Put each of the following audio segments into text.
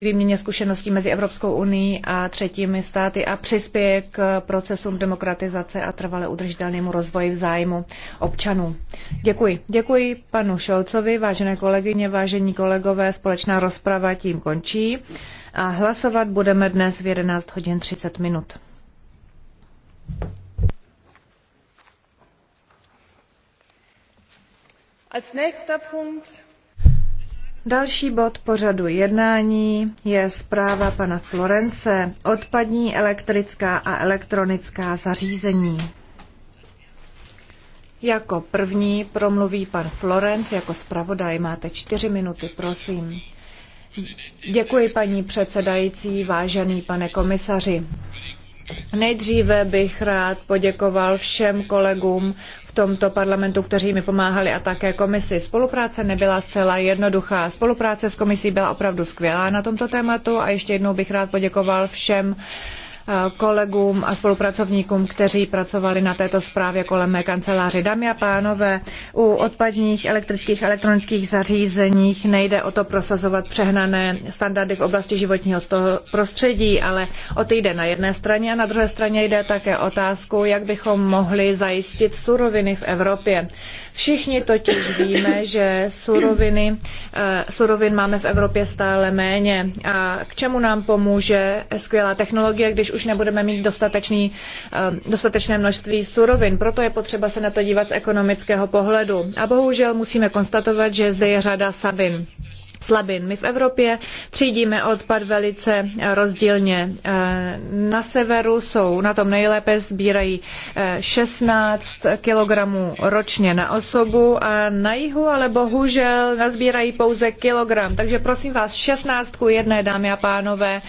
výměně zkušeností mezi Evropskou unii a třetími státy a přispěje k procesům demokratizace a trvale udržitelnému rozvoji v zájmu občanů. Děkuji. Děkuji panu Šolcovi, vážené kolegyně, vážení kolegové, společná rozprava tím končí a hlasovat budeme dnes v 11 hodin 30 minut. Als nächster Punkt Další bod pořadu jednání je zpráva pana Florence. Odpadní elektrická a elektronická zařízení. Jako první promluví pan Florence jako zpravodaj. Máte čtyři minuty, prosím. Děkuji paní předsedající, vážený pane komisaři. Nejdříve bych rád poděkoval všem kolegům v tomto parlamentu, kteří mi pomáhali a také komisi. Spolupráce nebyla zcela jednoduchá. Spolupráce s komisí byla opravdu skvělá na tomto tématu a ještě jednou bych rád poděkoval všem uh, kolegům a spolupracovníkům, kteří pracovali na této zprávě kolem mé kanceláři. Dámy a pánové, u odpadních elektrických a elektronických zařízeních nejde o to prosazovat přehnané standardy v oblasti životního prostředí, ale o to jde na jedné straně a na druhé straně jde také otázku, jak bychom mohli zajistit suroviny v Evropě. Všichni totiž víme, že suroviny, eh, surovin máme v Evropě stále méně. A k čemu nám pomůže skvělá technologie, když už nebudeme mít dostatečný, eh, dostatečné množství surovin? Proto je potřeba se na to dívat z ekonomického pohledu. A bohužel musíme konstatovat, že zde je řada sabin slabin. My v Evropě třídíme odpad velice rozdílně. Eh, na severu jsou na tom nejlépe, sbírají 16 eh, kg ročně na osobu a na jihu ale bohužel nazbírají pouze kilogram. Takže prosím vás, 16 jedné, dámy a pánové,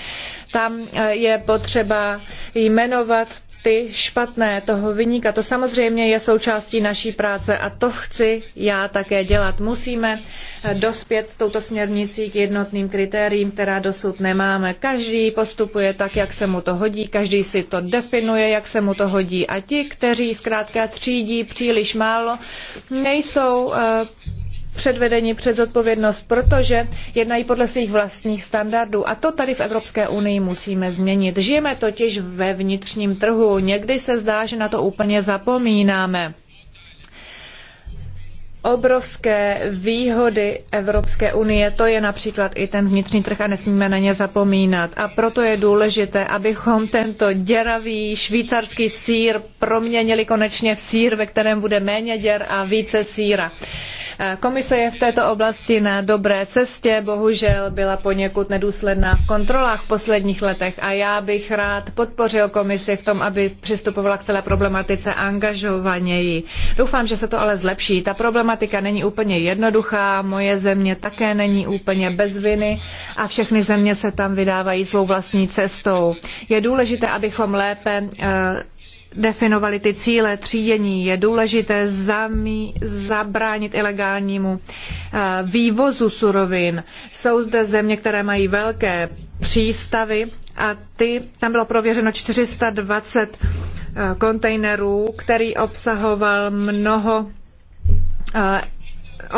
tam eh, je potřeba jmenovat ty špatné, toho vyníka. To samozřejmě je součástí naší práce a to chci já také dělat. Musíme eh, dospět touto směrnicí k jednotným kritériím, která dosud nemáme. Každý postupuje tak, jak se mu to hodí, každý si to definuje, jak se mu to hodí. A ti, kteří zkrátka třídí příliš málo, nejsou eh, předvedeni před zodpovědnost, protože jednají podle svých vlastních standardů. A to tady v Evropské unii musíme změnit. Žijeme totiž ve vnitřním trhu. Někdy se zdá, že na to úplně zapomínáme obrovské výhody Evropské unie, to je například i ten vnitřní trh a nesmíme na ně zapomínat. A proto je důležité, abychom tento děravý švýcarský sír proměnili konečně v sír, ve kterém bude méně děr a více síra. Komise je v této oblasti na dobré cestě, bohužel byla poněkud nedůsledná v kontrolách v posledních letech a já bych rád podpořil komisi v tom, aby přistupovala k celé problematice angažovaněji. Doufám, že se to ale zlepší. Ta problematika není úplně jednoduchá, moje země také není úplně bez viny a všechny země se tam vydávají svou vlastní cestou. Je důležité, abychom lépe eh, definovali ty cíle třídění. Je důležité zamí, zabránit ilegálnímu eh, vývozu surovin. Jsou zde země, které mají velké přístavy a ty, tam bylo prověřeno 420 eh, kontejnerů, který obsahoval mnoho eh,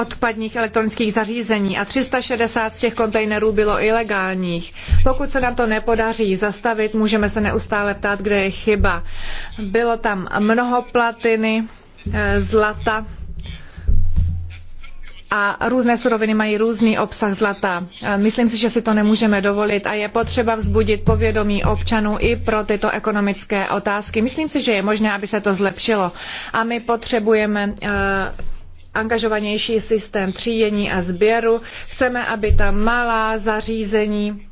odpadních elektronických zařízení a 360 z těch kontejnerů bylo ilegálních. Pokud se nám to nepodaří zastavit, můžeme se neustále ptát, kde je chyba. Bylo tam mnoho platiny, eh, zlata a různé suroviny mají různý obsah zlata. Eh, myslím si, že si to nemůžeme dovolit a je potřeba vzbudit povědomí občanů i pro tyto ekonomické otázky. Myslím si, že je možné, aby se to zlepšilo a my potřebujeme eh, angažovanější systém třídění a sběru. Chceme, aby ta malá zařízení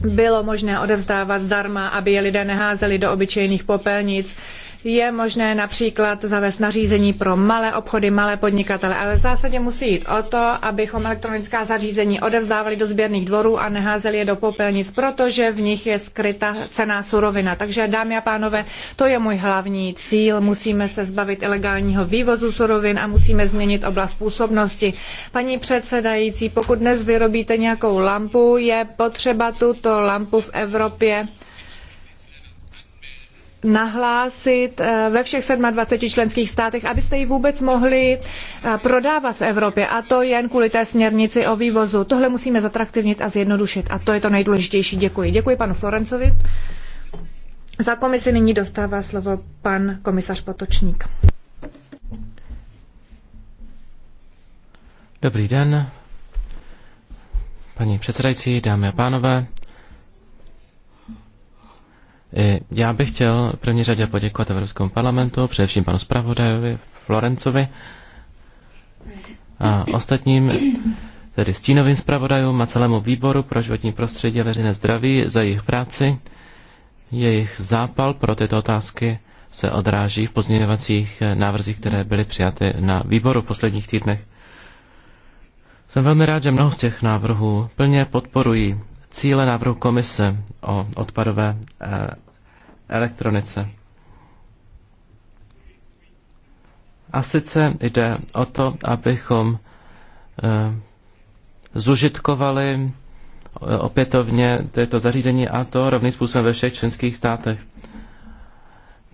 bylo možné odevzdávat zdarma, aby je lidé neházeli do obyčejných popelnic je možné například zavést nařízení pro malé obchody, malé podnikatele, ale v zásadě musí jít o to, abychom elektronická zařízení odevzdávali do sběrných dvorů a neházeli je do popelnic, protože v nich je skryta cená surovina. Takže dámy a pánové, to je můj hlavní cíl. Musíme se zbavit ilegálního vývozu surovin a musíme změnit oblast působnosti. Paní předsedající, pokud dnes vyrobíte nějakou lampu, je potřeba tuto lampu v Evropě nahlásit eh, ve všech 27 členských státech, abyste ji vůbec mohli eh, prodávat v Evropě. A to jen kvůli té směrnici o vývozu. Tohle musíme zatraktivnit a zjednodušit. A to je to nejdůležitější. Děkuji. Děkuji panu Florencovi. Za komisi nyní dostává slovo pan komisař Potočník. Dobrý den, paní předsedající, dámy a pánové. Eh, já bych chtěl v první řadě poděkovat Evropskému parlamentu, především panu zpravodajovi Florencovi a ostatním, tedy stínovým zpravodajům a celému výboru pro životní prostředí a veřejné zdraví za jejich práci. Jejich zápal pro tyto otázky se odráží v pozměňovacích eh, návrzích, které byly přijaty na výboru v posledních týdnech. Jsem velmi rád, že mnoho z těch návrhů plně podporují cíle návrhu komise o odpadové eh, elektronice. A sice jde o to, abychom eh, zužitkovali eh, opětovně tyto zařízení a to rovným způsobem ve všech členských státech.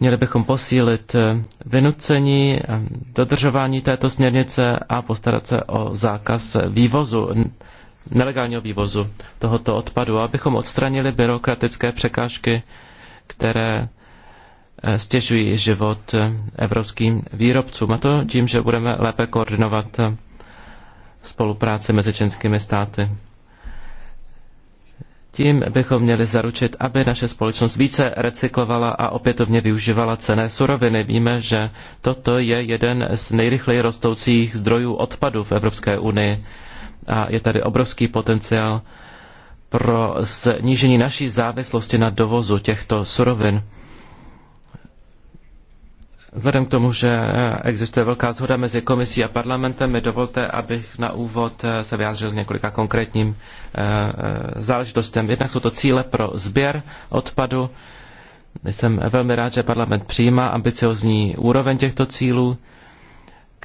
Měli bychom posílit vynucení, dodržování této směrnice a postarat se o zákaz vývozu nelegálního vývozu tohoto odpadu, abychom odstranili byrokratické překážky, které eh, stěžují život eh, evropským výrobcům. A to tím, že budeme lépe koordinovat eh, spolupráci mezi členskými státy. Tím bychom měli zaručit, aby naše společnost více recyklovala a opětovně využívala cené suroviny. Víme, že toto je jeden z nejrychleji rostoucích zdrojů odpadu v Evropské unii a je tady obrovský potenciál pro snížení naší závislosti na dovozu těchto surovin. Vzhledem k tomu, že existuje velká shoda mezi komisí a parlamentem, mi dovolte, abych na úvod eh, se vyjádřil několika konkrétním eh, eh, záležitostem. Jednak jsou to cíle pro sběr odpadu. Jsem velmi rád, že parlament přijímá ambiciozní úroveň těchto cílů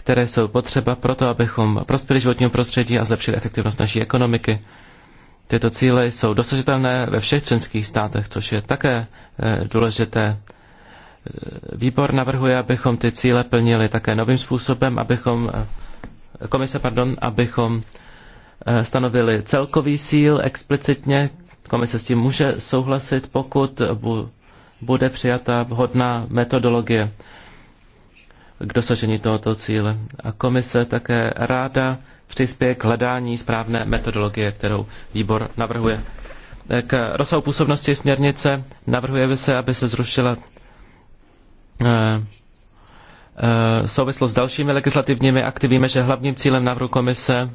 které jsou potřeba pro to, abychom prospěli životního prostředí a zlepšili efektivnost naší ekonomiky. Tyto cíle jsou dosažitelné ve všech členských státech, což je také eh, důležité. Eh, výbor navrhuje, abychom ty cíle plnili také novým způsobem, abychom, eh, komise, pardon, abychom stanovili celkový síl explicitně. Komise s tím může souhlasit, pokud bude přijata vhodná metodologie k dosažení tohoto cíle. A komise také ráda přispěje k hledání správné metodologie, kterou výbor navrhuje. K rozsahu působnosti směrnice navrhuje by se, aby se zrušila eh, eh, souvislost s dalšími legislativními akty. Víme, že hlavním cílem návrhu komise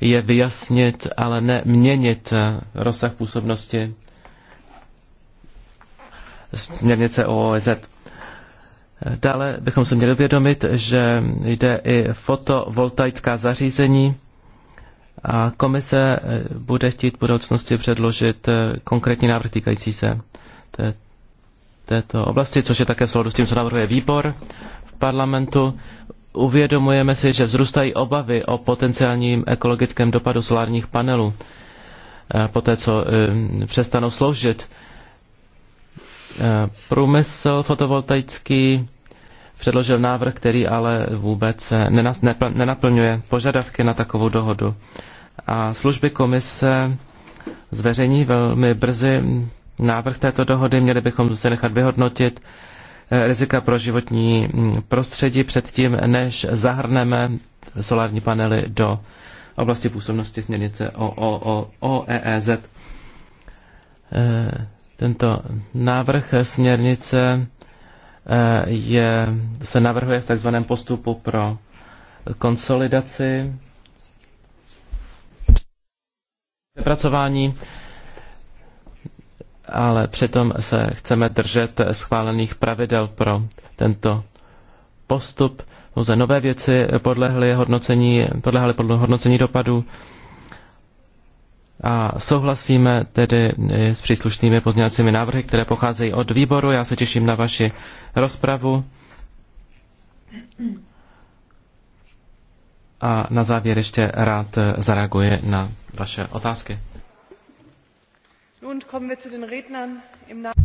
je vyjasnit, ale ne měnit eh, rozsah působnosti směrnice o Dále bychom se měli uvědomit, že jde i fotovoltaická zařízení a komise eh, bude chtít v budoucnosti předložit eh, konkrétní návrh týkající se té, této oblasti, což je také v souladu s tím, co navrhuje výbor v parlamentu. Uvědomujeme si, že vzrůstají obavy o potenciálním ekologickém dopadu solárních panelů eh, po té, co přestanou sloužit. Průmysl fotovoltaický předložil návrh, který ale vůbec nenaplňuje požadavky na takovou dohodu. A služby komise zveřejní velmi brzy návrh této dohody. Měli bychom se nechat vyhodnotit eh, rizika pro životní mm, prostředí předtím, než zahrneme solární panely do oblasti působnosti směrnice o, o, o, e e eh, Tento návrh směrnice Eh, je, se navrhuje v takzvaném postupu pro konsolidaci přepracování, ale přitom se chceme držet schválených pravidel pro tento postup. Pouze nové věci podlehly hodnocení, podlehly hodnocení dopadů a souhlasíme tedy eh, s příslušnými pozměňovacími návrhy, které pocházejí od výboru. Já se těším na vaši rozpravu. A na závěr ještě rád zareaguje na vaše otázky.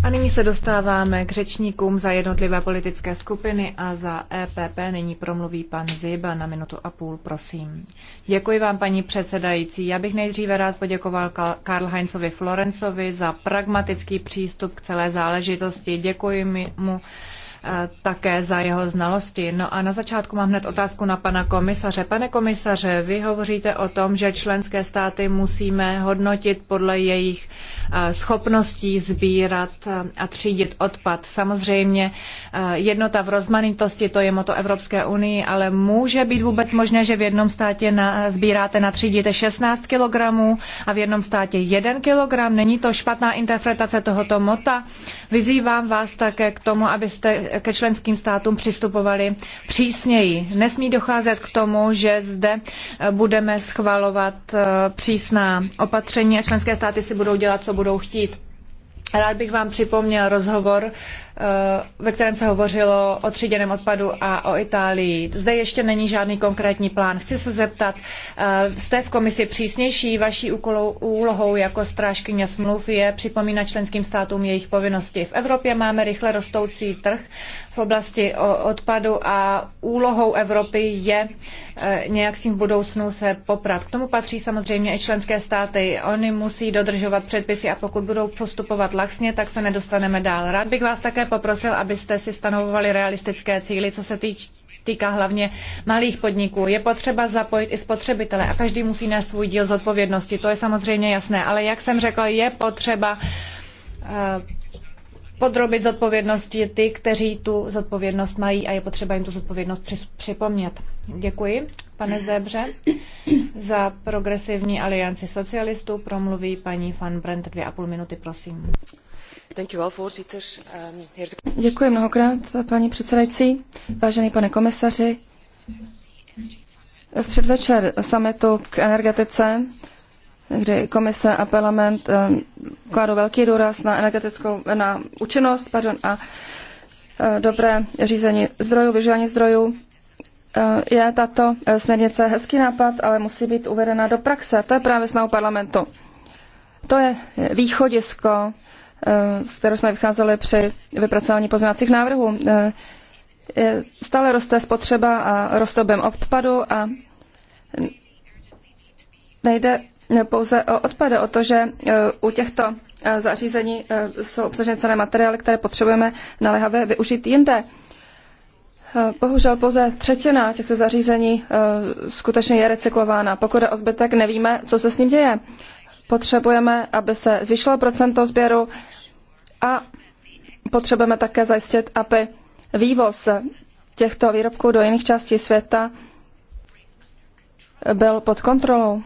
A nyní se dostáváme k řečníkům za jednotlivé politické skupiny a za EPP. Nyní promluví pan Ziba na minutu a půl, prosím. Děkuji vám, paní předsedající. Já bych nejdříve rád poděkoval Karl Heinzovi Florencovi za pragmatický přístup k celé záležitosti. Děkuji mu Eh, také za jeho znalosti. No a na začátku mám hned otázku na pana komisaře. Pane komisaře, vy hovoříte o tom, že členské státy musíme hodnotit podle jejich eh, schopností sbírat eh, a třídit odpad. Samozřejmě jednota v rozmanitosti, to je moto Evropské unii, ale může být vůbec možné, že v jednom státě na, sbíráte na třídíte 16 kg a v jednom státě 1 kg. Není to špatná interpretace tohoto mota? Vyzývám vás také k tomu, abyste ke členským státům přistupovali přísněji. Nesmí docházet k tomu, že zde eh, budeme schvalovat eh, přísná opatření a členské státy si budou dělat, co budou chtít. Rád bych vám připomněl rozhovor Eh, ve kterém se hovořilo o tříděném odpadu a o Itálii. Zde ještě není žádný konkrétní plán. Chci se zeptat, eh, jste v komisi přísnější, vaší úlohou jako strážkyně smluv je připomínat členským státům jejich povinnosti. V Evropě máme rychle rostoucí trh v oblasti odpadu a úlohou Evropy je eh, nějak s tím v budoucnu se poprat. K tomu patří samozřejmě i členské státy. Oni musí dodržovat předpisy a pokud budou postupovat laxně, tak se nedostaneme dál. Rád bych vás také poprosil, abyste si stanovovali realistické cíly, co se týč, týká hlavně malých podniků. Je potřeba zapojit i spotřebitele a každý musí na svůj díl zodpovědnosti. To je samozřejmě jasné, ale jak jsem řekl, je potřeba eh, podrobit zodpovědnosti ty, kteří tu zodpovědnost mají a je potřeba jim tu zodpovědnost připomnět. Děkuji, pane Zebře. Za progresivní alianci socialistů promluví paní van Brent dvě a půl minuty, prosím. Ehm, Děkuji mnohokrát, paní předsedající. Vážený pane komisaři, v předvečer summitu k energetice, kdy komise a parlament ehm, kladou velký důraz na energetickou, na účinnost pardon, a e, dobré řízení zdrojů, využívání zdrojů, e, je tato e, směrnice hezký nápad, ale musí být uvedena do praxe. To je právě snahu parlamentu. To je východisko z kterou jsme vycházeli při vypracování pozměňovacích návrhů. Eh, eh, stále roste spotřeba a roste objem odpadu a nejde pouze o odpady, o to, že eh, u těchto zařízení jsou obsaženy cené materiály, které potřebujeme naléhavě využít jinde. Bohužel pouze třetina těchto zařízení skutečně je recyklována. Pokud je o zbytek, nevíme, co se s ním děje. Potřebujeme, aby se zvýšilo procento sběru, a potřebujeme také zajistit, aby vývoz těchto výrobků do jiných částí světa byl pod kontrolou.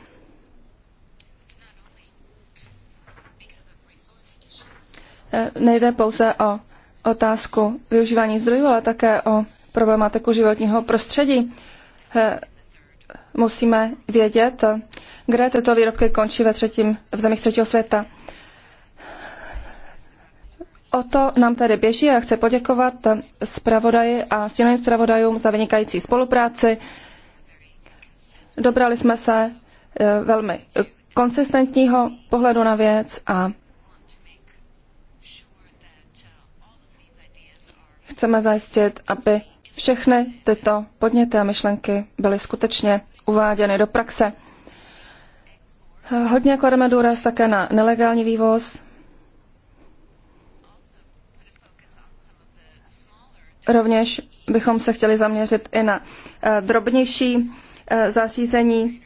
E, nejde pouze o otázku využívání zdrojů, ale také o problematiku životního prostředí. E, musíme vědět, e, kde tyto výrobky končí ve třetím, v zemích třetího světa. O to nám tady běží a chci poděkovat zpravodaji a stěným zpravodajům za vynikající spolupráci. Dobrali jsme se e, velmi konsistentního pohledu na věc a chceme zajistit, aby všechny tyto podněty a myšlenky byly skutečně uváděny do praxe. Hodně klademe důraz také na nelegální vývoz Rovněž bychom se chtěli zaměřit i na eh, drobnější eh, zařízení,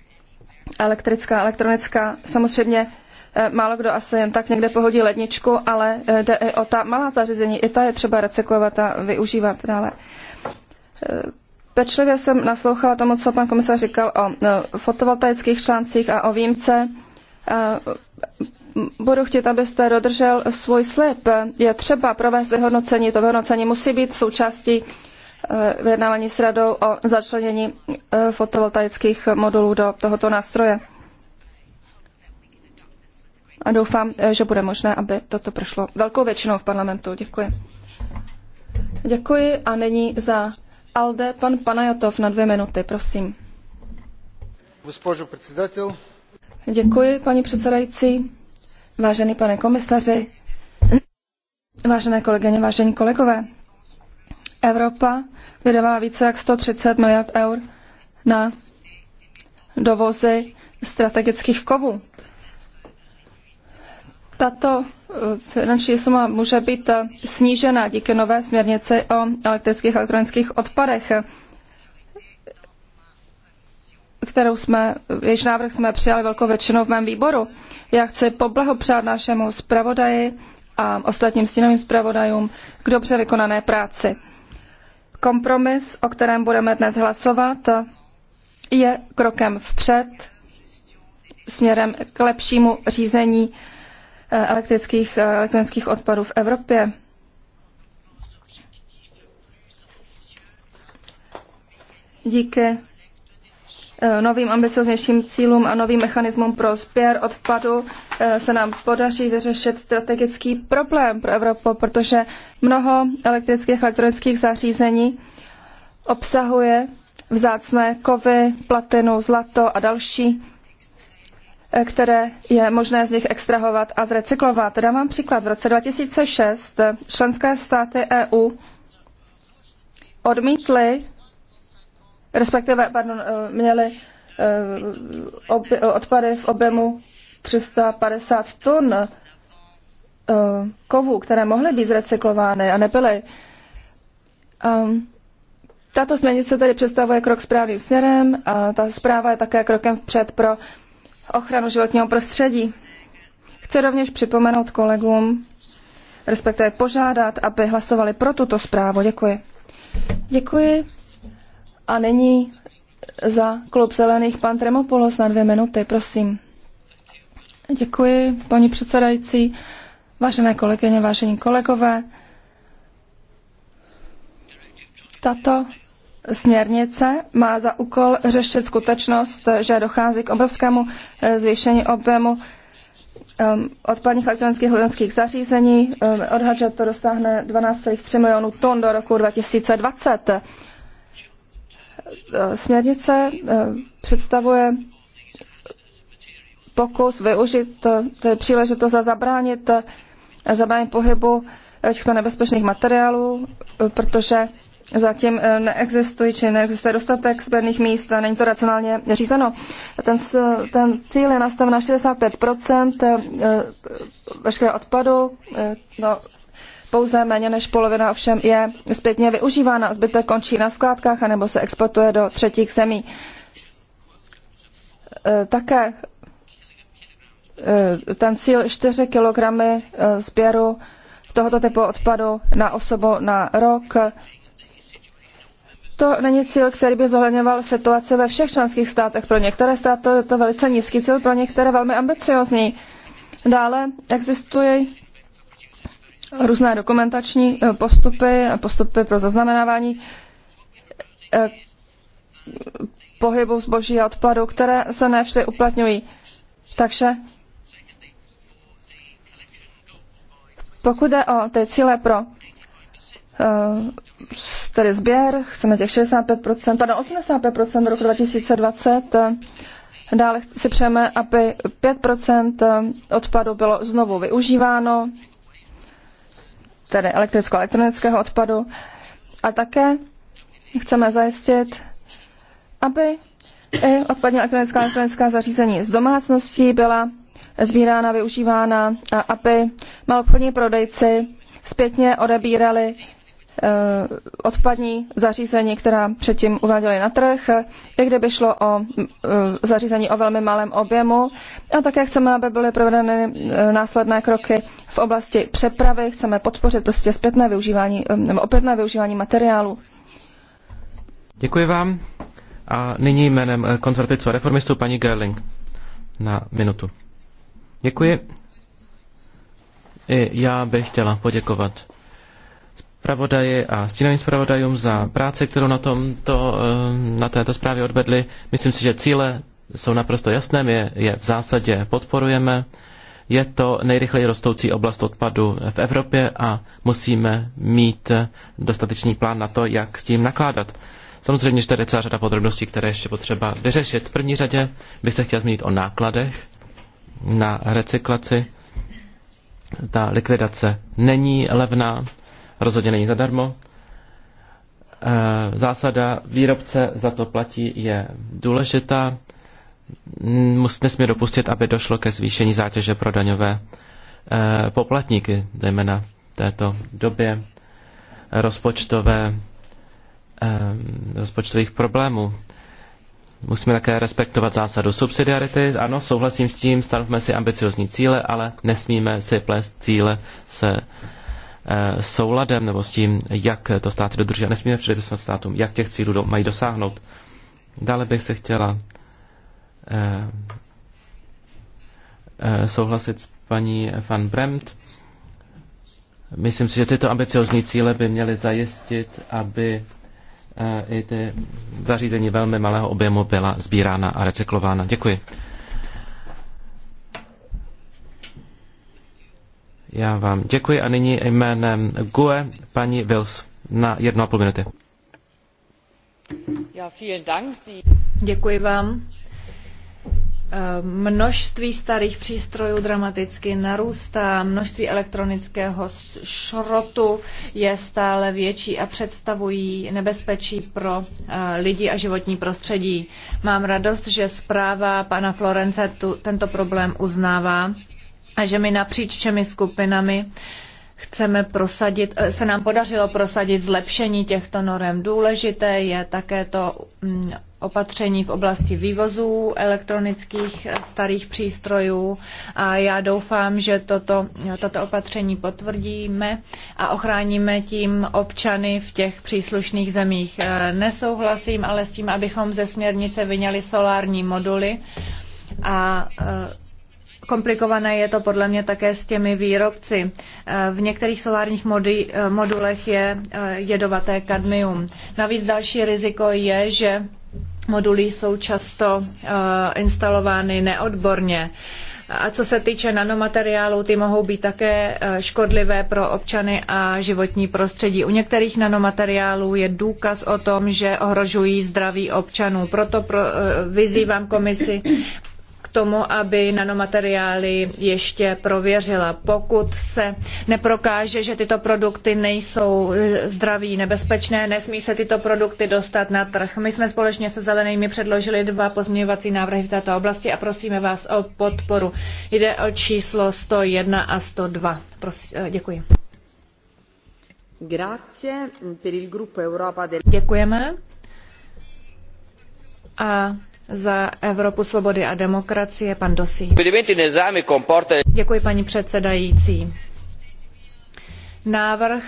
elektrická, elektronická. Samozřejmě eh, málo kdo asi jen tak někde pohodí ledničku, ale jde i o ta malá zařízení. I ta je třeba recyklovat a využívat dále. Pečlivě jsem naslouchala tomu, co pan komisař říkal o fotovoltaických článcích a o výjimce budu chtít, abyste dodržel svůj slib. Je třeba provést vyhodnocení. To vyhodnocení musí být součástí eh, vyjednávání s radou o začlenění eh, fotovoltaických modulů do tohoto nástroje. A doufám, eh, že bude možné, aby toto prošlo velkou většinou v parlamentu. Děkuji. Děkuji a nyní za ALDE pan Panajotov na dvě minuty, prosím. Госпожо председател, Děkuji, paní předsedající. Vážený pane komisaři, vážené kolegyně, vážení kolegové, Evropa vydává více jak 130 miliard eur na dovozy strategických kovů. Tato eh, finanční suma může být eh, snížena díky nové směrnici o elektrických a elektronických odpadech kterou jsme, jejíž návrh jsme přijali velkou většinou v mém výboru. Já chci poblahopřát našemu zpravodaji a ostatním stínovým zpravodajům k dobře vykonané práci. Kompromis, o kterém budeme dnes hlasovat, je krokem vpřed směrem k lepšímu řízení eh, elektrických, eh, elektronických odpadů v Evropě. Díky Eh, novým ambicioznějším cílům a novým mechanismům pro sběr odpadu eh, se nám podaří vyřešit strategický problém pro Evropu, protože mnoho elektrických a elektronických zařízení obsahuje vzácné kovy, platinu, zlato a další, eh, které je možné z nich extrahovat a zrecyklovat. Dám vám příklad. V roce 2006 členské státy EU odmítly respektive, pardon, eh, měli eh, eh, odpady v objemu 350 tun kovů, které mohly být zrecyklovány a nebyly. Ehm, tato směrnice tedy představuje krok správným směrem a ta zpráva je také krokem vpřed pro ochranu životního prostředí. Chci rovněž připomenout kolegům, respektive požádat, aby hlasovali pro tuto zprávu. Děkuji. Děkuji. A není za klub zelených pan Tremopoulos na dvě minuty, prosím. Děkuji, paní předsedající, vážené kolegyně, vážení kolegové. Tato směrnice má za úkol řešit skutečnost, že dochází k obrovskému eh, zvýšení objemu ehm, odpadních elektronických hledonských zařízení. Ehm, Odhad, že to dostáhne 12,3 milionů tun do roku 2020. Směrnice eh, představuje pokus využít eh, příležitost a zabránit, eh, zabránit pohybu těchto nebezpečných materiálů, protože zatím neexistují či neexistuje dostatek sběrných míst a není to racionálně řízeno. Ten, ten cíl je nastaven na 65 veškerého odpadu, no, pouze méně než polovina ovšem je zpětně využívána, zbytek končí na skládkách anebo se exportuje do třetích zemí. E, také e, ten cíl 4 kg sběru tohoto typu odpadu na osobu na rok. To není cíl, který by zohledňoval situaci ve všech členských státech. Pro některé státy je to velice nízký cíl, pro některé velmi ambiciozní. Dále existují různé dokumentační eh, postupy, postupy pro zaznamenávání eh, pohybu zboží a odpadu, které se nevždy uplatňují. Takže pokud jde o ty cíle pro eh, tedy sběr, chceme těch 65%, pardon, 85% do roku 2020, dále si přejeme, aby 5% odpadu bylo znovu využíváno, tedy elektricko-elektronického odpadu. A také chceme zajistit, aby i odpadní elektronická elektronická zařízení z domácností byla sbírána, využívána a aby malobchodní prodejci zpětně odebírali Eh, odpadní zařízení, která předtím uváděli na trh, i kdyby šlo o eh, zařízení o velmi malém objemu. A také chceme, aby byly provedeny eh, následné kroky v oblasti přepravy, chceme podpořit prostě zpětné využívání, nebo opětné využívání materiálu. Děkuji vám. A nyní jménem konzervativců a reformistů paní Gerling na minutu. Děkuji. I já bych chtěla poděkovat zpravodaji a stínovým zpravodajům za práci, kterou na, tomto, eh, na této zprávě odvedli. Myslím si, že cíle jsou naprosto jasné, my je, je v zásadě podporujeme. Je to nejrychleji rostoucí oblast odpadu v Evropě a musíme mít dostatečný plán na to, jak s tím nakládat. Samozřejmě, že tady je celá řada podrobností, které ještě potřeba vyřešit. V první řadě bych se chtěl zmínit o nákladech na recyklaci. Ta likvidace není levná, rozhodně není zadarmo. E, zásada výrobce za to platí je důležitá. Nesmí dopustit, aby došlo ke zvýšení zátěže pro daňové e, poplatníky, zejména v této době rozpočtové, e, rozpočtových problémů. Musíme také respektovat zásadu subsidiarity. Ano, souhlasím s tím, stanovme si ambiciozní cíle, ale nesmíme si plést cíle se Eh, souladem nebo s tím, jak to státy dodrží. A nesmíme předepisovat státům, jak těch cílů mají dosáhnout. Dále bych se chtěla eh, eh, souhlasit s paní van Bremt. Myslím si, že tyto ambiciozní cíle by měly zajistit, aby i ty zařízení velmi malého objemu byla sbírána a recyklována. Děkuji. Já vám děkuji a nyní jménem GUE paní Wills na jednu a půl minuty. Děkuji vám. Eh, množství starých přístrojů dramaticky narůstá, množství elektronického šrotu je stále větší a představují nebezpečí pro eh, lidi a životní prostředí. Mám radost, že zpráva pana Florence tu, tento problém uznává a že my napříč všemi skupinami chceme prosadit, eh, se nám podařilo prosadit zlepšení těchto norem. Důležité je také to mm, opatření v oblasti vývozů elektronických eh, starých přístrojů a já doufám, že toto, toto opatření potvrdíme a ochráníme tím občany v těch příslušných zemích. Eh, nesouhlasím ale s tím, abychom ze směrnice vyňali solární moduly a Komplikované je to podle mě také s těmi výrobci. Eh, v některých solárních modi, eh, modulech je eh, jedovaté kadmium. Navíc další riziko je, že moduly jsou často instalovány neodborně. A co se týče nanomateriálů, ty mohou být také škodlivé pro občany a životní prostředí. U některých nanomateriálů je důkaz o tom, že ohrožují zdraví občanů. Proto vyzývám komisi, tomu, aby nanomateriály ještě prověřila. Pokud se neprokáže, že tyto produkty nejsou e, zdraví nebezpečné, nesmí se tyto produkty dostat na trh. My jsme společně se zelenými předložili dva pozměňovací návrhy v této oblasti a prosíme vás o podporu. Jde o číslo 101 a 102. Prosím, e, děkuji. Děkujeme. A za Evropu svobody a demokracie pan Dosí. Děkuji paní předsedající. Návrh,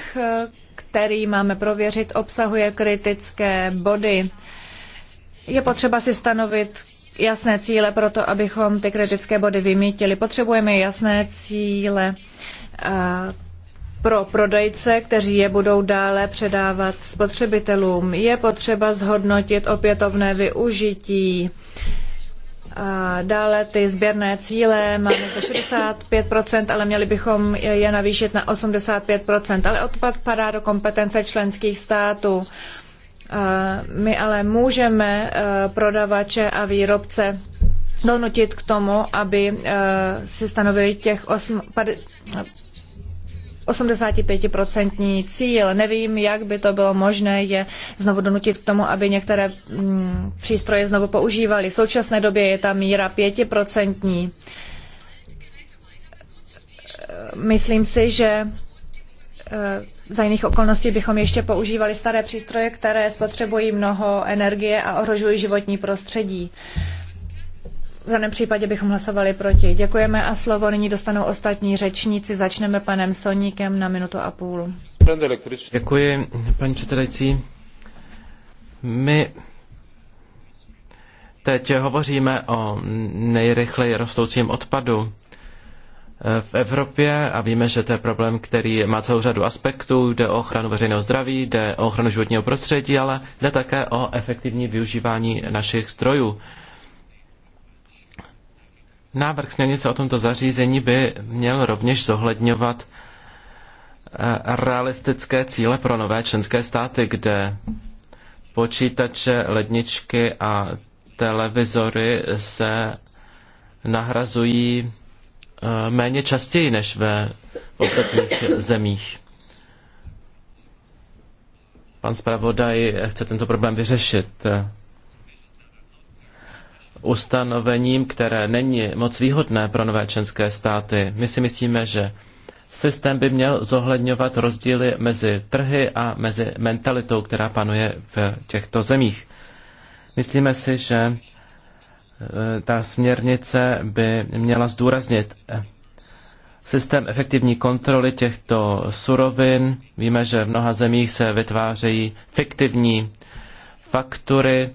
který máme prověřit, obsahuje kritické body. Je potřeba si stanovit jasné cíle pro to, abychom ty kritické body vymítili. Potřebujeme jasné cíle pro prodejce, kteří je budou dále předávat spotřebitelům. Je potřeba zhodnotit opětovné využití. A dále ty sběrné cíle máme to 65%, ale měli bychom je navýšit na 85%, ale odpad padá do kompetence členských států. My ale můžeme e, prodavače a výrobce donutit k tomu, aby e, si stanovili těch 8, 85% cíl. Nevím, jak by to bylo možné je znovu donutit k tomu, aby některé mm, přístroje znovu používali. V současné době je ta míra 5%. Myslím si, že e, za jiných okolností bychom ještě používali staré přístroje, které spotřebují mnoho energie a ohrožují životní prostředí. V žádném případě bychom hlasovali proti. Děkujeme a slovo nyní dostanou ostatní řečníci. Začneme panem Soníkem na minutu a půl. Děkuji, paní předsedající. My teď hovoříme o nejrychleji rostoucím odpadu v Evropě a víme, že to je problém, který má celou řadu aspektů. Jde o ochranu veřejného zdraví, jde o ochranu životního prostředí, ale jde také o efektivní využívání našich zdrojů. Návrh směrnice o tomto zařízení by měl rovněž zohledňovat eh, realistické cíle pro nové členské státy, kde počítače, ledničky a televizory se nahrazují eh, méně častěji než ve ostatních zemích. Pan zpravodaj chce tento problém vyřešit ustanovením, které není moc výhodné pro nové členské státy. My si myslíme, že systém by měl zohledňovat rozdíly mezi trhy a mezi mentalitou, která panuje v těchto zemích. Myslíme si, že e, ta směrnice by měla zdůraznit e, systém efektivní kontroly těchto surovin. Víme, že v mnoha zemích se vytvářejí fiktivní faktury,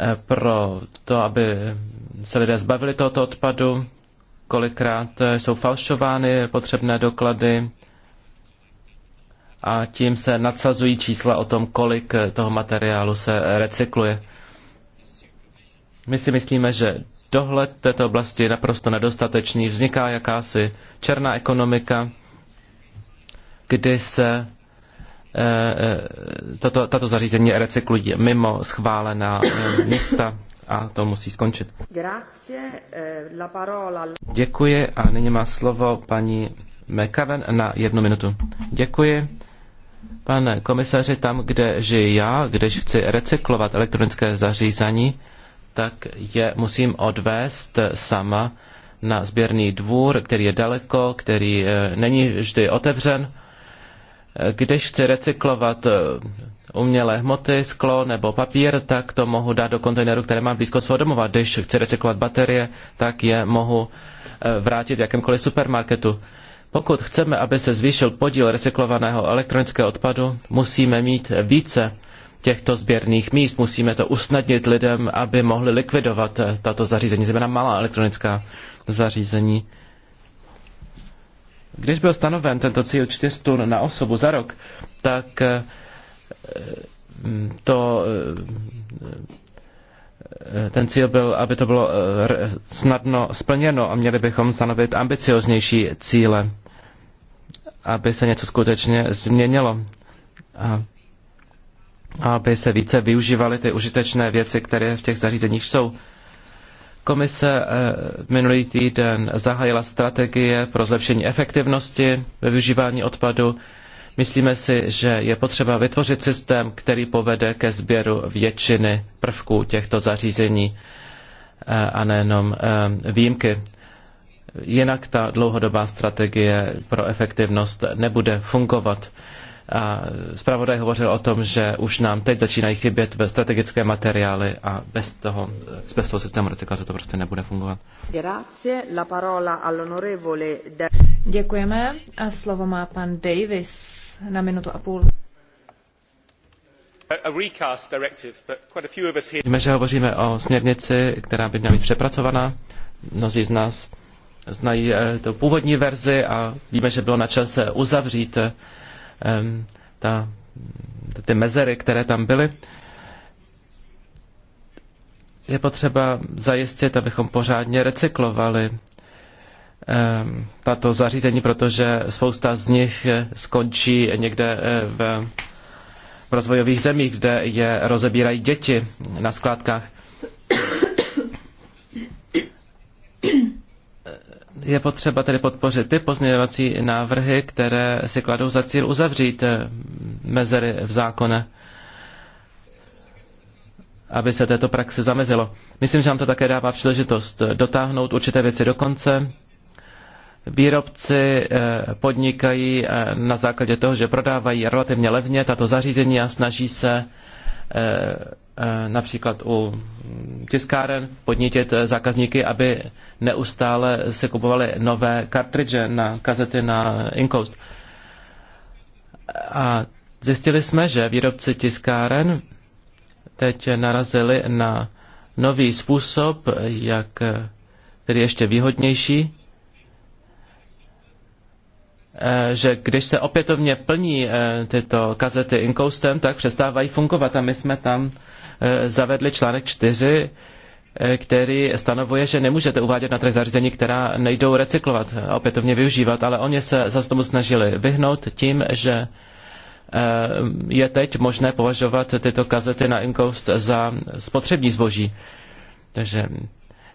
Eh, pro to, aby se lidé zbavili tohoto odpadu, kolikrát eh, jsou falšovány potřebné doklady a tím se nadsazují čísla o tom, kolik eh, toho materiálu se recykluje. My si myslíme, že dohled této oblasti je naprosto nedostatečný. Vzniká jakási černá ekonomika, kdy se Eh, eh, tato, tato zařízení recyklují mimo schválená eh, města a to musí skončit. Děkuji a nyní má slovo paní McAven na jednu minutu. Děkuji. Pane komisaři, tam, kde žiji já, když chci recyklovat elektronické zařízení, tak je musím odvést sama na sběrný dvůr, který je daleko, který není vždy otevřen když chci recyklovat eh, umělé hmoty, sklo nebo papír, tak to mohu dát do kontejneru, které mám blízko svého domova. Když chci recyklovat baterie, tak je mohu eh, vrátit v jakémkoliv supermarketu. Pokud chceme, aby se zvýšil podíl recyklovaného elektronického odpadu, musíme mít více těchto sběrných míst. Musíme to usnadnit lidem, aby mohli likvidovat eh, tato zařízení, zejména malá elektronická zařízení. Když byl stanoven tento cíl 4 tun na osobu za rok, tak eh, to, eh, eh, ten cíl byl, aby to bylo snadno splněno a měli bychom stanovit ambicioznější cíle, aby se něco skutečně změnilo. A aby se více využívaly ty užitečné věci, které v těch zařízeních jsou. Komise eh, minulý týden zahájila strategie pro zlepšení efektivnosti ve využívání odpadu. Myslíme si, že je potřeba vytvořit systém, který povede ke sběru většiny prvků těchto zařízení eh, a nejenom eh, výjimky. Jinak ta dlouhodobá strategie pro efektivnost nebude fungovat. A zpravodaj hovořil o tom, že už nám teď začínají chybět ve strategické materiály a bez toho, bez toho systému recyklace to prostě nebude fungovat. Děkujeme a slovo má pan Davis na minutu a půl. Víme, že hovoříme o směrnici, která by měla být přepracovaná. Mnozí z nás znají eh, tu původní verzi a víme, že bylo na čase uzavřít eh, ta, ty mezery, které tam byly. Je potřeba zajistit, abychom pořádně recyklovali tato zařízení, protože spousta z nich skončí někde eh, v, v rozvojových zemích, kde je rozebírají děti na skládkách je potřeba tedy podpořit ty pozměňovací návrhy, které si kladou za cíl uzavřít eh, mezery v zákone, aby se této praxi zamezilo. Myslím, že nám to také dává příležitost dotáhnout určité věci do konce. Výrobci eh, podnikají eh, na základě toho, že prodávají relativně levně tato zařízení a snaží se Eh, například u tiskáren podnítit eh, zákazníky, aby neustále se kupovali nové kartridže na kazety na Incoast. A zjistili jsme, že výrobci tiskáren teď narazili na nový způsob, jak, eh, který ještě výhodnější, že když se opětovně plní tyto kazety inkoustem, tak přestávají fungovat a my jsme tam Eh, zavedli článek 4, eh, který stanovuje, že nemůžete uvádět na trh zařízení, která nejdou recyklovat a opětovně využívat, ale oni se zase tomu snažili vyhnout tím, že eh, je teď možné považovat tyto kazety na inkoust za spotřební zboží. Takže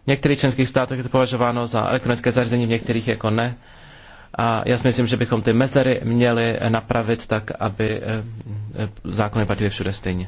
v některých členských státech je to považováno za elektronické zařízení, v některých jako ne. A já si myslím, že bychom ty mezery měli napravit tak, aby zákony platily všude stejně.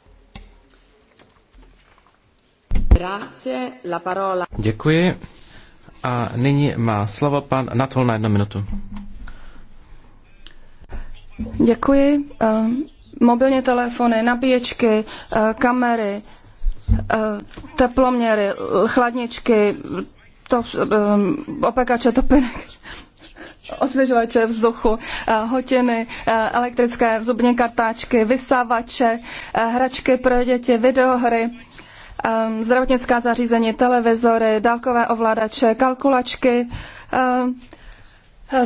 Grazie, la parola. Děkuji. A nyní má slovo pan Natol na jednu minutu. Děkuji. Eh, mobilní telefony, nabíječky, eh, kamery, eh, teploměry, chladničky, to, opekače topinek, osvěžovače vzduchu, hotiny, elektrické zubní kartáčky, vysávače, hračky pro děti, videohry Ehm, zdravotnická zařízení, televizory, dálkové ovladače, kalkulačky, ehm,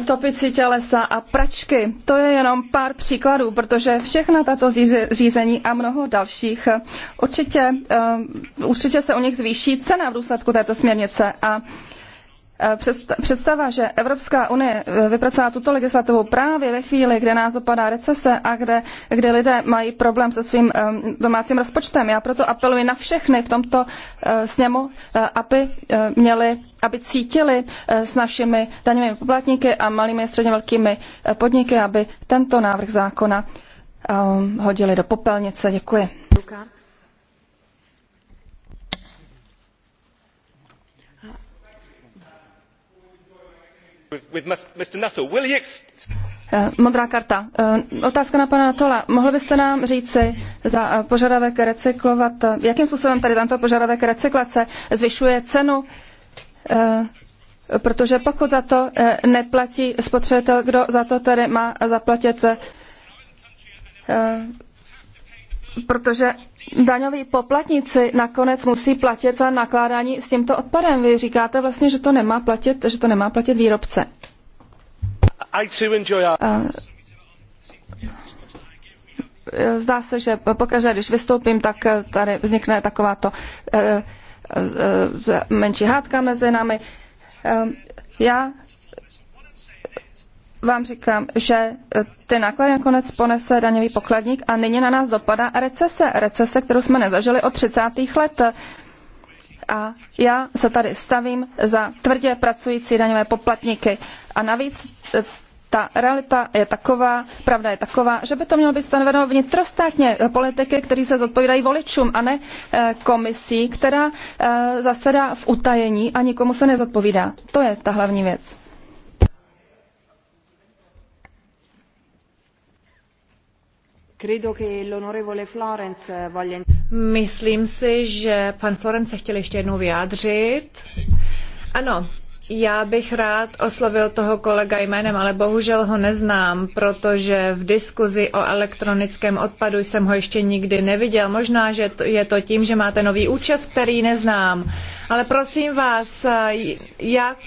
topicí tělesa a pračky. To je jenom pár příkladů, protože všechna tato řízení a mnoho dalších eh, určitě, ehm, určitě se u nich zvýší cena v důsledku této směrnice a Eh, představa, že Evropská unie eh, vypracovala tuto legislativu právě ve chvíli, kde nás dopadá recese a kde, kde lidé mají problém se svým eh, domácím rozpočtem. Já proto apeluji na všechny v tomto sněmu, aby měli aby cítili s našimi daňovými poplatníky a malými a středně velkými podniky, aby tento návrh zákona hodili do popelnice. Děkuji. Eh, modrá karta. Eh, otázka na pana Natola. Mohl byste nám říci za eh, požadavek recyklovat, jakým způsobem tady tento požadavek recyklace zvyšuje cenu, protože pokud za to neplatí spotřebitel, kdo za to tedy má zaplatit protože daňoví poplatníci nakonec musí platit za nakládání s tímto odpadem. Vy říkáte vlastně, že to nemá platit, že to nemá platit výrobce. Zdá se, že pokaždé, když vystoupím, tak tady vznikne takováto eh, eh, eh, menší hádka mezi námi. Já vám říkám, že eh, ty náklady nakonec ponese daňový pokladník a nyní na nás dopadá recese. Recese, kterou jsme nezažili od 30. let. A já se tady stavím za tvrdě pracující daňové poplatníky. A navíc eh, ta realita je taková, pravda je taková, že by to mělo být stanoveno vnitrostátně politiky, kteří se zodpovídají voličům a ne eh, komisí, která zasedá v utajení a nikomu se nezodpovídá. To je ta hlavní věc. Myslím si, že pan Florence se chtěl ještě jednou vyjádřit. Ano, já bych rád oslovil toho kolega jménem, ale bohužel ho neznám, protože v diskuzi o elektronickém odpadu jsem ho ještě nikdy neviděl. Možná, že je to tím, že máte nový účast, který neznám. Ale prosím vás, jak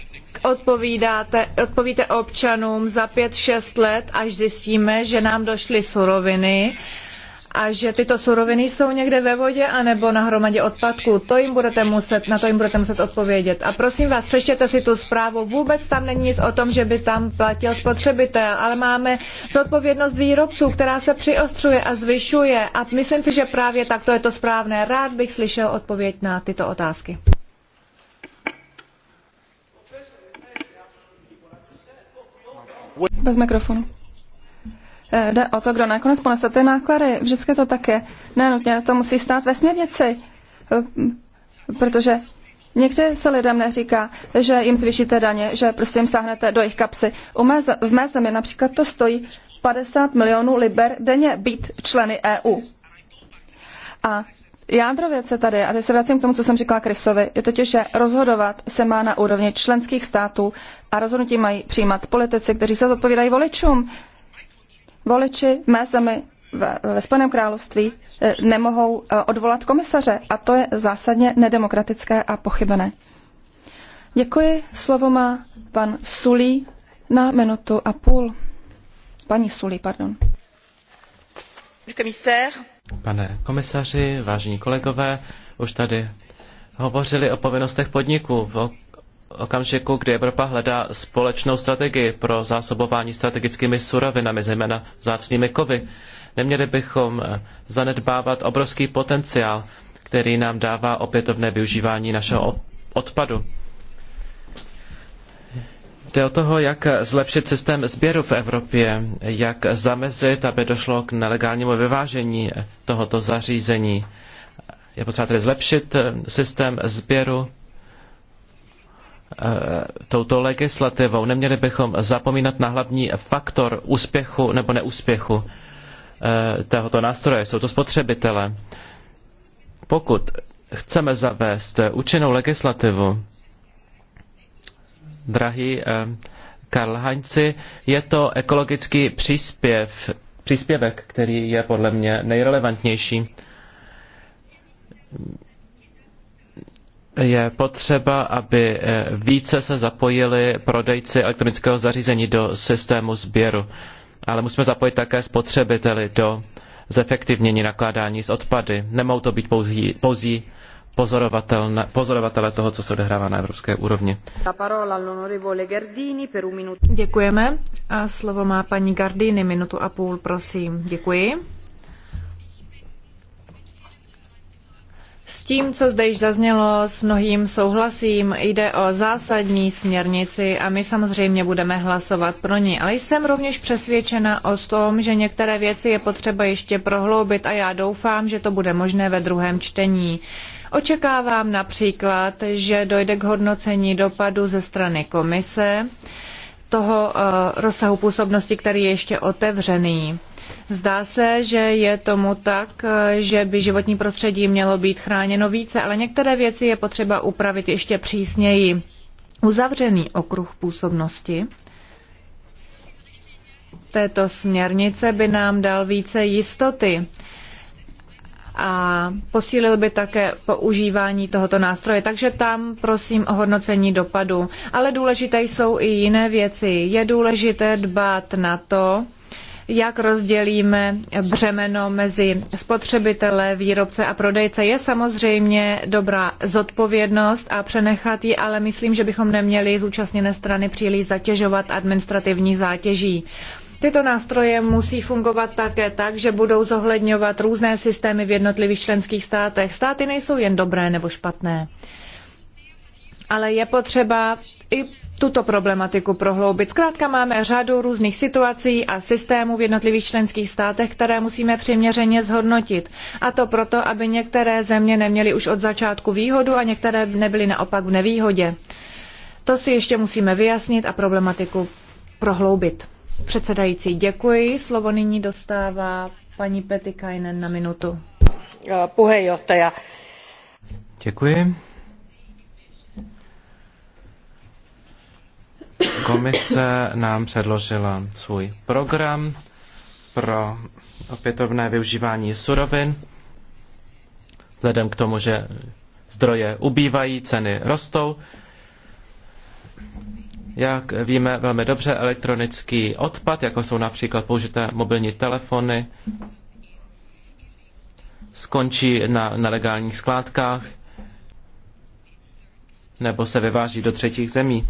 odpovídáte, odpovíte občanům za pět šest let, až zjistíme, že nám došly suroviny a že tyto suroviny jsou někde ve vodě anebo na hromadě odpadků. To jim budete muset, na to jim budete muset odpovědět. A prosím vás, přečtěte si tu zprávu. Vůbec tam není nic o tom, že by tam platil spotřebitel, ale máme zodpovědnost výrobců, která se přiostřuje a zvyšuje. A myslím si, že právě takto je to správné. Rád bych slyšel odpověď na tyto otázky. Bez mikrofonu. Eh, jde o to, kdo nakonec ponese ty náklady. Vždycky to tak je. Nenutně to musí stát ve směrnici, eh, protože Někdy se lidem neříká, že jim zvýšíte daně, že prostě jim stáhnete do jejich kapsy. U mé, v mé zemi například to stojí 50 milionů liber denně být členy EU. A jádro věce tady, a teď se vracím k tomu, co jsem říkala Kristovi, je totiž, že rozhodovat se má na úrovni členských států a rozhodnutí mají přijímat politici, kteří se odpovídají voličům voliči v mé zemi ve Spojeném království eh, nemohou eh, odvolat komisaře a to je zásadně nedemokratické a pochybené. Děkuji. Slovo má pan Sulí na minutu a půl. Paní Sulí, pardon. Pane komisaři, vážení kolegové, už tady hovořili o povinnostech podniků okamžiku, kdy Evropa hledá společnou strategii pro zásobování strategickými surovinami, zejména zácnými kovy. Neměli bychom eh, zanedbávat obrovský potenciál, který nám dává opětovné využívání našeho odpadu. Jde o toho, jak zlepšit systém sběru v Evropě, jak zamezit, aby došlo k nelegálnímu vyvážení tohoto zařízení. Je potřeba tedy zlepšit eh, systém sběru Eh, touto legislativou. Neměli bychom zapomínat na hlavní faktor úspěchu nebo neúspěchu eh, tohoto nástroje. Jsou to spotřebitele. Pokud chceme zavést účinnou legislativu, drahý eh, Karl Heinzi, je to ekologický příspěv, příspěvek, který je podle mě nejrelevantnější je potřeba, aby eh, více se zapojili prodejci elektronického zařízení do systému sběru. Ale musíme zapojit také spotřebiteli do zefektivnění nakládání s odpady. Nemohou to být pouzí, pouzí pozorovatele toho, co se odehrává na evropské úrovni. Děkujeme. A slovo má paní Gardini, minutu a půl, prosím. Děkuji. S tím, co zde již zaznělo, s mnohým souhlasím. Jde o zásadní směrnici a my samozřejmě budeme hlasovat pro ní. Ale jsem rovněž přesvědčena o tom, že některé věci je potřeba ještě prohloubit a já doufám, že to bude možné ve druhém čtení. Očekávám například, že dojde k hodnocení dopadu ze strany komise toho eh, rozsahu působnosti, který je ještě otevřený. Zdá se, že je tomu tak, že by životní prostředí mělo být chráněno více, ale některé věci je potřeba upravit ještě přísněji. Uzavřený okruh působnosti této směrnice by nám dal více jistoty a posílil by také používání tohoto nástroje. Takže tam prosím o hodnocení dopadu. Ale důležité jsou i jiné věci. Je důležité dbát na to, jak rozdělíme břemeno mezi spotřebitele, výrobce a prodejce, je samozřejmě dobrá zodpovědnost a přenechat ji, ale myslím, že bychom neměli zúčastněné strany příliš zatěžovat administrativní zátěží. Tyto nástroje musí fungovat také tak, že budou zohledňovat různé systémy v jednotlivých členských státech. Státy nejsou jen dobré nebo špatné ale je potřeba i tuto problematiku prohloubit. Zkrátka máme řadu různých situací a systémů v jednotlivých členských státech, které musíme přiměřeně zhodnotit. A to proto, aby některé země neměly už od začátku výhodu a některé nebyly naopak v nevýhodě. To si ještě musíme vyjasnit a problematiku prohloubit. Předsedající, děkuji. Slovo nyní dostává paní Petikainen na minutu. Puheenjohtaja. Děkuji. Komise nám předložila svůj program pro opětovné využívání surovin. Vzhledem k tomu, že zdroje ubývají, ceny rostou. Jak víme velmi dobře, elektronický odpad, jako jsou například použité mobilní telefony, skončí na nelegálních skládkách nebo se vyváží do třetích zemí.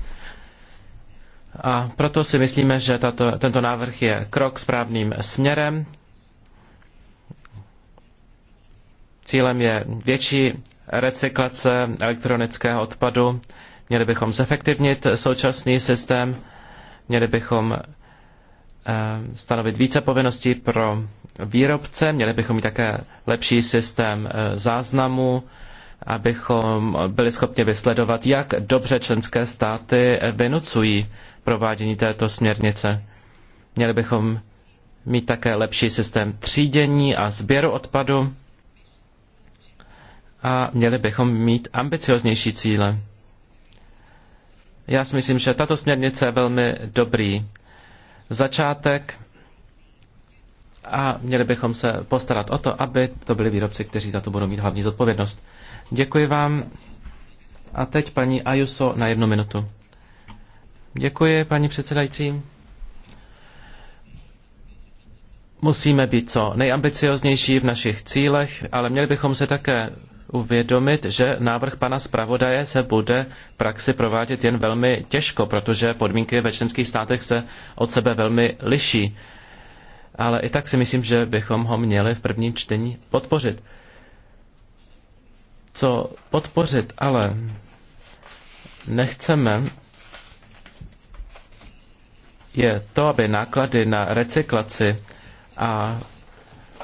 A proto si myslíme, že tato, tento návrh je krok správným směrem. Cílem je větší recyklace elektronického odpadu. Měli bychom zefektivnit současný systém, měli bychom eh, stanovit více povinností pro výrobce, měli bychom mít také lepší systém eh, záznamů, abychom byli schopni vysledovat, jak dobře členské státy eh, vynucují provádění této směrnice. Měli bychom mít také lepší systém třídění a sběru odpadu a měli bychom mít ambicioznější cíle. Já si myslím, že tato směrnice je velmi dobrý začátek a měli bychom se postarat o to, aby to byli výrobci, kteří za to budou mít hlavní zodpovědnost. Děkuji vám. A teď paní Ajuso na jednu minutu. Děkuji, paní předsedající. Musíme být co nejambicioznější v našich cílech, ale měli bychom se také uvědomit, že návrh pana zpravodaje se bude v praxi provádět jen velmi těžko, protože podmínky ve členských státech se od sebe velmi liší. Ale i tak si myslím, že bychom ho měli v prvním čtení podpořit. Co podpořit ale nechceme, je to, aby náklady na recyklaci a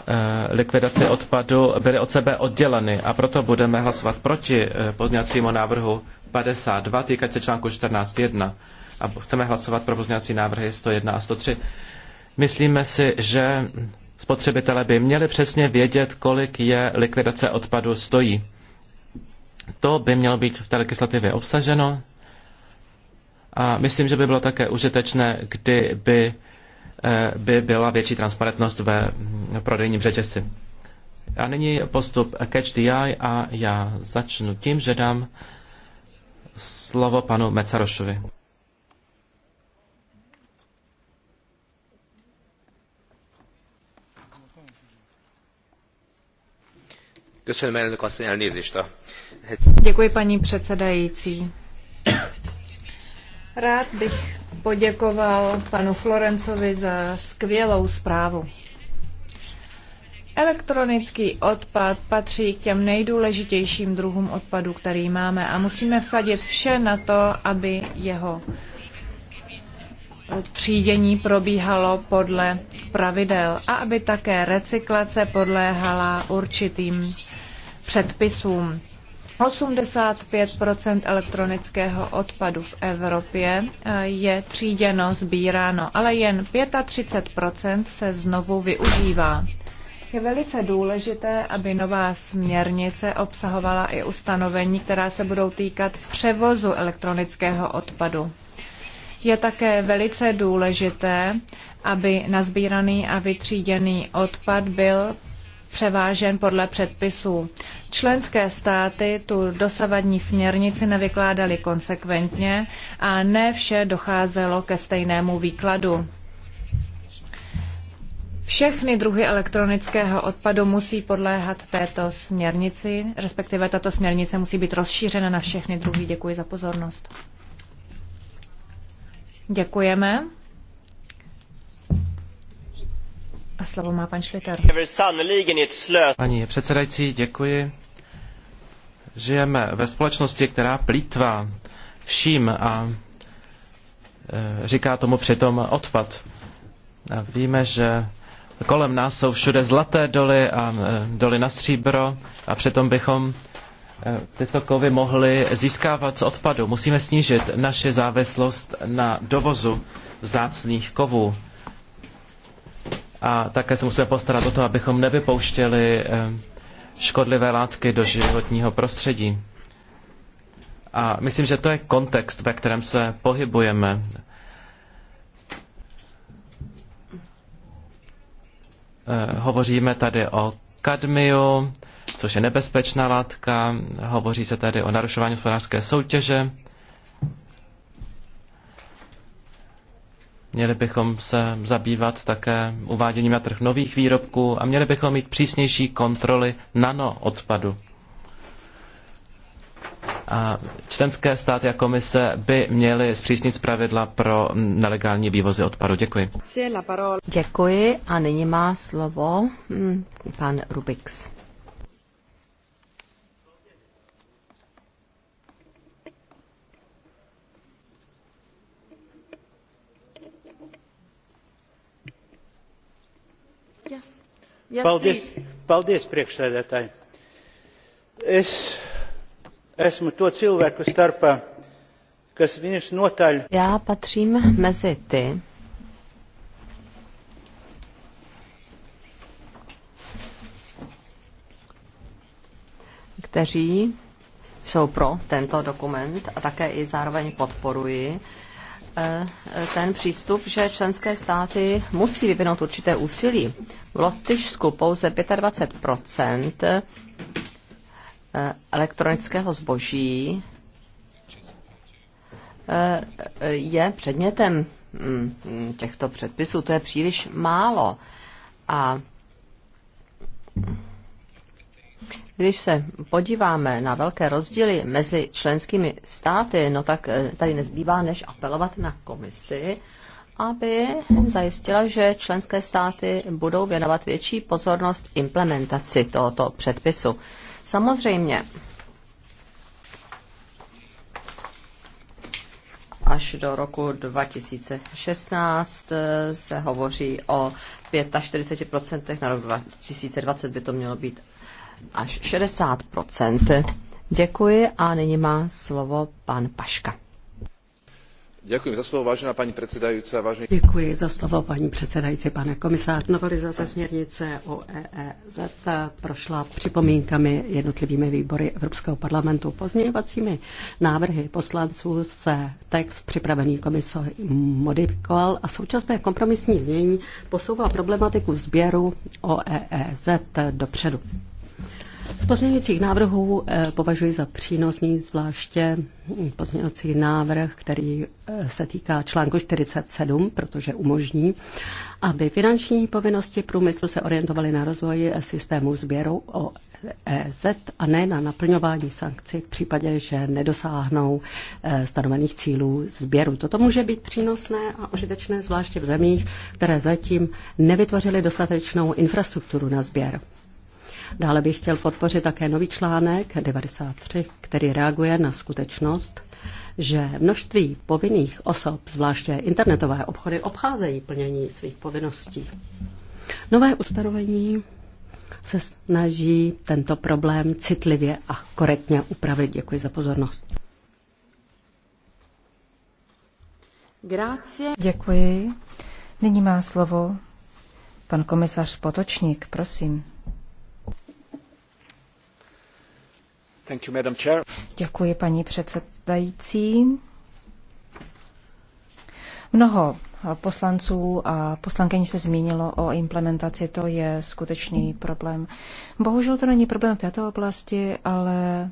e, likvidaci odpadu byly od sebe odděleny a proto budeme hlasovat proti e, pozněcímu návrhu 52 týkat se článku 14.1 a chceme hlasovat pro pozněcí návrhy 101 a 103. Myslíme si, že spotřebitelé by měli přesně vědět, kolik je likvidace odpadu stojí. To by mělo být v té legislativě obsaženo, a myslím, že by bylo také užitečné, kdyby eh, by byla větší transparentnost ve prodejním řetězci. A nyní postup Catch the Eye a já začnu tím, že dám slovo panu Mecarošovi. Děkuji, paní předsedající Rád bych poděkoval panu Florencovi za skvělou zprávu. Elektronický odpad patří k těm nejdůležitějším druhům odpadu, který máme a musíme vsadit vše na to, aby jeho třídění probíhalo podle pravidel a aby také recyklace podléhala určitým předpisům. 85 elektronického odpadu v Evropě eh, je tříděno, sbíráno, ale jen 35 se znovu využívá. Je velice důležité, aby nová směrnice obsahovala i ustanovení, která se budou týkat převozu elektronického odpadu. Je také velice důležité, aby nazbíraný a vytříděný odpad byl převážen podle předpisů. Členské státy tu dosavadní směrnici nevykládaly konsekventně a ne vše docházelo ke stejnému výkladu. Všechny druhy elektronického odpadu musí podléhat této směrnici, respektive tato směrnice musí být rozšířena na všechny druhy. Děkuji za pozornost. Děkujeme. A slovo má pan Šliter. Paní předsedající, děkuji. Žijeme ve společnosti, která plítvá vším a e, říká tomu přitom odpad. A víme, že kolem nás jsou všude zlaté doly a e, doly na stříbro a přitom bychom e, tyto kovy mohli získávat z odpadu. Musíme snížit naši závislost na dovozu vzácných kovů. A také se musíme postarat o to, abychom nevypouštěli eh, škodlivé látky do životního prostředí. A myslím, že to je kontext, ve kterém se pohybujeme. Eh, hovoříme tady o kadmiu, což je nebezpečná látka, hovoří se tady o narušování hospodářské soutěže Měli bychom se zabývat také uváděním na trh nových výrobků a měli bychom mít přísnější kontroly nanoodpadu. A členské státy a komise by měly zpřísnit pravidla pro nelegální vývozy odpadu. Děkuji. Děkuji a nyní má slovo hm, pan Rubiks. Yes, paldies, please. paldies priekšsēdētāji. Es esmu to cilvēku starpā, kas viņus notaļ. Já patřím mezi ty, kteří jsou pro tento dokument a také i zároveň podporuji Eh, ten přístup, že členské státy musí vyvinout určité úsilí. V Lotyšsku pouze 25 eh, elektronického zboží eh, je předmětem mm, těchto předpisů. To je příliš málo. A když se podíváme na velké rozdíly mezi členskými státy, no tak eh, tady nezbývá, než apelovat na komisi, aby zajistila, že členské státy budou věnovat větší pozornost implementaci tohoto předpisu. Samozřejmě, až do roku 2016 eh, se hovoří o 45% na rok 2020 by to mělo být až 60 Děkuji a nyní má slovo pan Paška. Děkuji za slovo, vážená paní předsedající. Vážený... Děkuji za slovo, paní předsedající, pane komisář. Novelizace směrnice o EEZ prošla připomínkami jednotlivými výbory Evropského parlamentu. Pozměňovacími návrhy poslanců se text připravený komiso modifikoval a současné kompromisní znění posouvá problematiku sběru o EEZ dopředu. Z pozměňujících návrhů eh, považuji za přínosný zvláště pozměňovací návrh, který eh, se týká článku 47, protože umožní, aby finanční povinnosti průmyslu se orientovaly na rozvoj systému sběru o EZ a ne na naplňování sankcí v případě, že nedosáhnou eh, stanovených cílů sběru. Toto může být přínosné a užitečné zvláště v zemích, které zatím nevytvořily dostatečnou infrastrukturu na sběr. Dále bych chtěl podpořit také nový článek 93, který reaguje na skutečnost, že množství povinných osob, zvláště internetové obchody, obcházejí plnění svých povinností. Nové ustanovení se snaží tento problém citlivě a korektně upravit. Děkuji za pozornost. Grácie. Děkuji. Nyní má slovo pan komisař Potočník, prosím. Thank you, Madam Chair. Děkuji, paní předsedající. Mnoho poslanců a poslankyň se zmínilo o implementaci, to je skutečný problém. Bohužel to není problém v této oblasti, ale eh,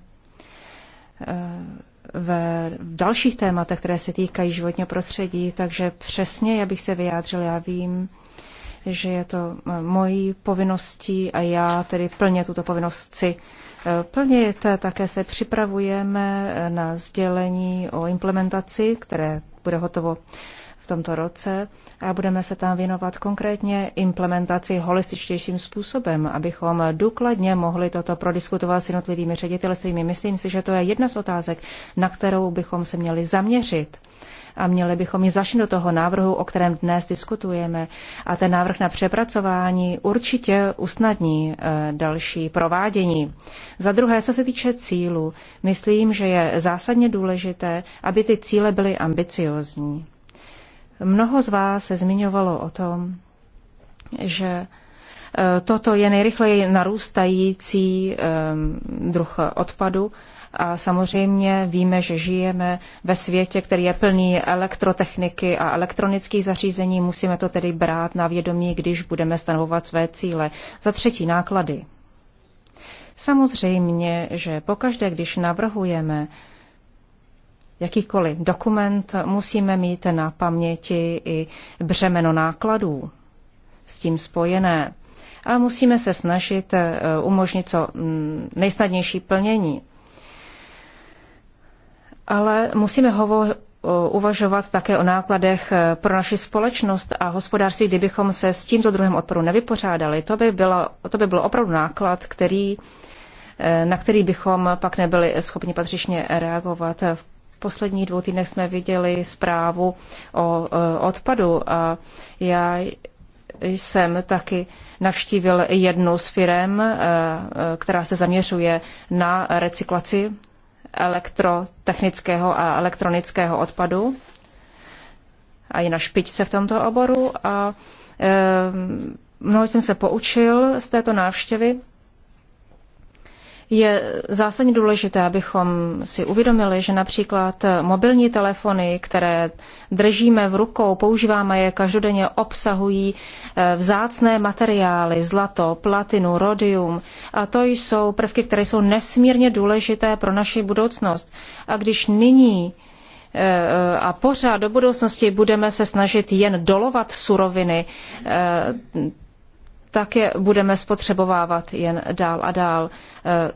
ve dalších tématech, které se týkají životního prostředí, takže přesně já bych se vyjádřil, já vím, že je to eh, mojí povinností a já tedy plně tuto povinnost chci plnit. Také se připravujeme na sdělení o implementaci, které bude hotovo v tomto roce a budeme se tam věnovat konkrétně implementaci holističtějším způsobem, abychom důkladně mohli toto prodiskutovat s jednotlivými ředitelstvými. Myslím si, že to je jedna z otázek, na kterou bychom se měli zaměřit a měli bychom ji začít do toho návrhu, o kterém dnes diskutujeme. A ten návrh na přepracování určitě usnadní eh, další provádění. Za druhé, co se týče cílu, myslím, že je zásadně důležité, aby ty cíle byly ambiciozní. Mnoho z vás se zmiňovalo o tom, že eh, toto je nejrychleji narůstající eh, druh odpadu a samozřejmě víme, že žijeme ve světě, který je plný elektrotechniky a elektronických zařízení. Musíme to tedy brát na vědomí, když budeme stanovovat své cíle. Za třetí náklady. Samozřejmě, že pokaždé, když navrhujeme jakýkoliv dokument, musíme mít na paměti i břemeno nákladů s tím spojené. A musíme se snažit eh, umožnit co mm, nejsnadnější plnění ale musíme eh, uvažovat také o nákladech eh, pro naši společnost a hospodářství, kdybychom se s tímto druhém odporu nevypořádali. To by, bylo, to by byl opravdu náklad, který, eh, na který bychom pak nebyli schopni patřičně reagovat. V posledních dvou týdnech jsme viděli zprávu o odpadu a já jsem taky navštívil jednu z firem, která se zaměřuje na recyklaci elektrotechnického a elektronického odpadu a je na špičce v tomto oboru a eh, mnoho jsem se poučil z této návštěvy je zásadně důležité, abychom si uvědomili, že například mobilní telefony, které držíme v rukou, používáme je každodenně, obsahují eh, vzácné materiály, zlato, platinu, rodium. A to jsou prvky, které jsou nesmírně důležité pro naši budoucnost. A když nyní eh, a pořád do budoucnosti budeme se snažit jen dolovat suroviny, eh, tak je budeme spotřebovávat jen dál a dál. Eh,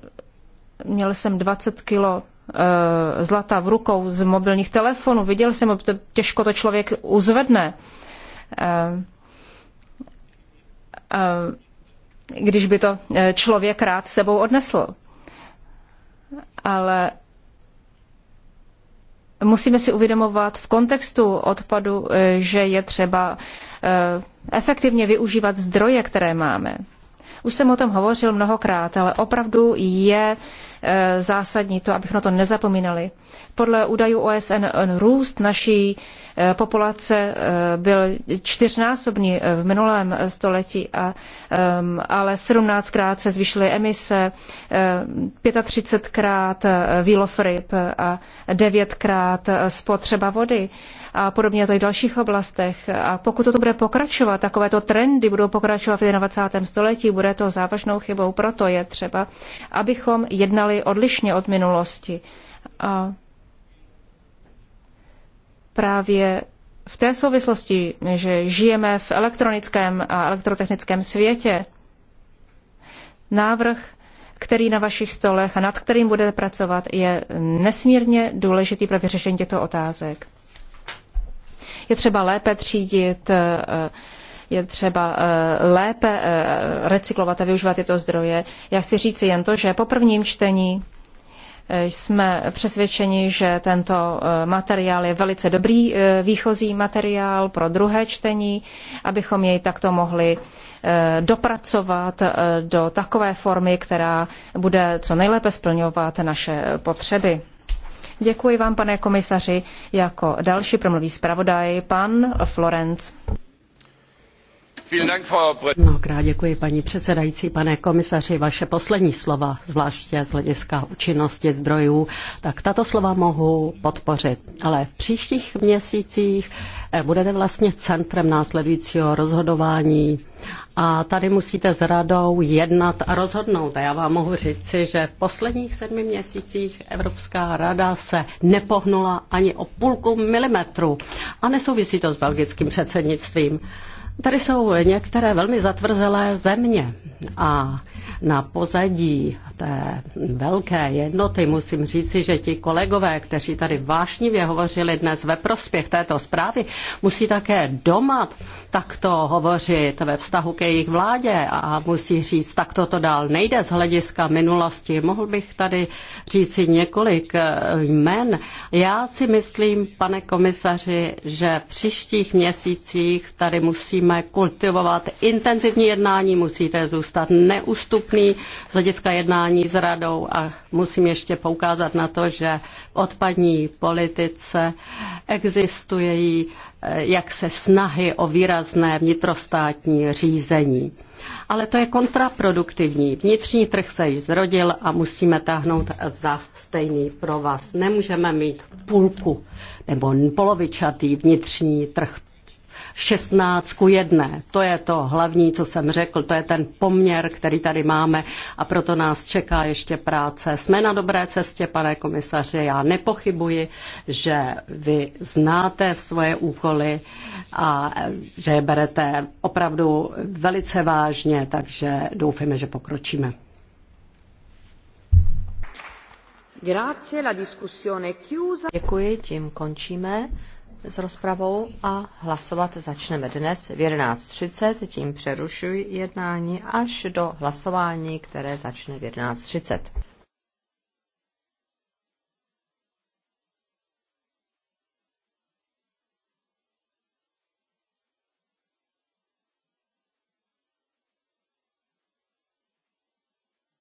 měl jsem 20 kilo eh, zlata v rukou z mobilních telefonů, viděl jsem, to těžko to člověk uzvedne. Eh, když by to člověk rád sebou odnesl. Ale musíme si uvědomovat v kontextu odpadu, že je třeba efektivně využívat zdroje, které máme. Už jsem o tom hovořil mnohokrát, ale opravdu je Eh, zásadní to, abychom na to nezapomínali. Podle údajů OSN růst naší eh, populace eh, byl čtyřnásobný v minulém století, a, ehm, ale 17krát se zvýšily emise, 35krát výlov ryb a 9krát spotřeba vody a podobně to i v dalších oblastech. A pokud toto bude pokračovat, takovéto trendy budou pokračovat v 21. století, bude to závažnou chybou. Proto je třeba, abychom jednali chovali odlišně od minulosti. A právě v té souvislosti, že žijeme v elektronickém a elektrotechnickém světě, návrh, který na vašich stolech a nad kterým budete pracovat, je nesmírně důležitý pro vyřešení těchto otázek. Je třeba lépe třídit eh, je třeba eh, lépe eh, recyklovat a využívat tyto zdroje. Já chci říci jen to, že po prvním čtení eh, jsme přesvědčeni, že tento materiál je velice dobrý výchozí materiál pro druhé čtení, abychom jej takto mohli dopracovat do takové formy, která bude co nejlépe splňovat naše potřeby. Děkuji vám, pane komisaři. Jako další promluví zpravodaj pan Florenc. Mnohokrát děkuji, paní předsedající, pane komisaři, vaše poslední slova, zvláště z hlediska účinnosti zdrojů, tak tato slova mohu podpořit. Ale v příštích měsících eh, budete vlastně centrem následujícího rozhodování a tady musíte s radou jednat a rozhodnout. A já vám mohu říci, že v posledních sedmi měsících Evropská rada se nepohnula ani o půlku milimetru. A nesouvisí to s belgickým předsednictvím. Tady jsou některé velmi zatvrzelé země a na pozadí té velké jednoty musím říci, že ti kolegové, kteří tady vášnivě hovořili dnes ve prospěch této zprávy, musí také doma takto hovořit ve vztahu ke jejich vládě a musí říct, tak toto dál nejde z hlediska minulosti. Mohl bych tady říci několik eh, jmen. Já si myslím, pane komisaři, že v příštích měsících tady musíme musíme kultivovat intenzivní jednání, musíte zůstat neústupný z hlediska jednání s radou a musím ještě poukázat na to, že v odpadní politice existuje eh, jak se snahy o výrazné vnitrostátní řízení. Ale to je kontraproduktivní. Vnitřní trh se již zrodil a musíme táhnout za stejný provaz. Nemůžeme mít půlku nebo polovičatý vnitřní trh. 16 ku 1. To je to hlavní, co jsem řekl, to je ten poměr, který tady máme a proto nás čeká ještě práce. Jsme na dobré cestě, pane komisaři, já nepochybuji, že vy znáte svoje úkoly a že je berete opravdu velice vážně, takže doufáme, že pokročíme. Děkuji, tím končíme s rozpravou a hlasovat začneme dnes v 11.30. Tím přerušuji jednání až do hlasování, které začne v 11.30.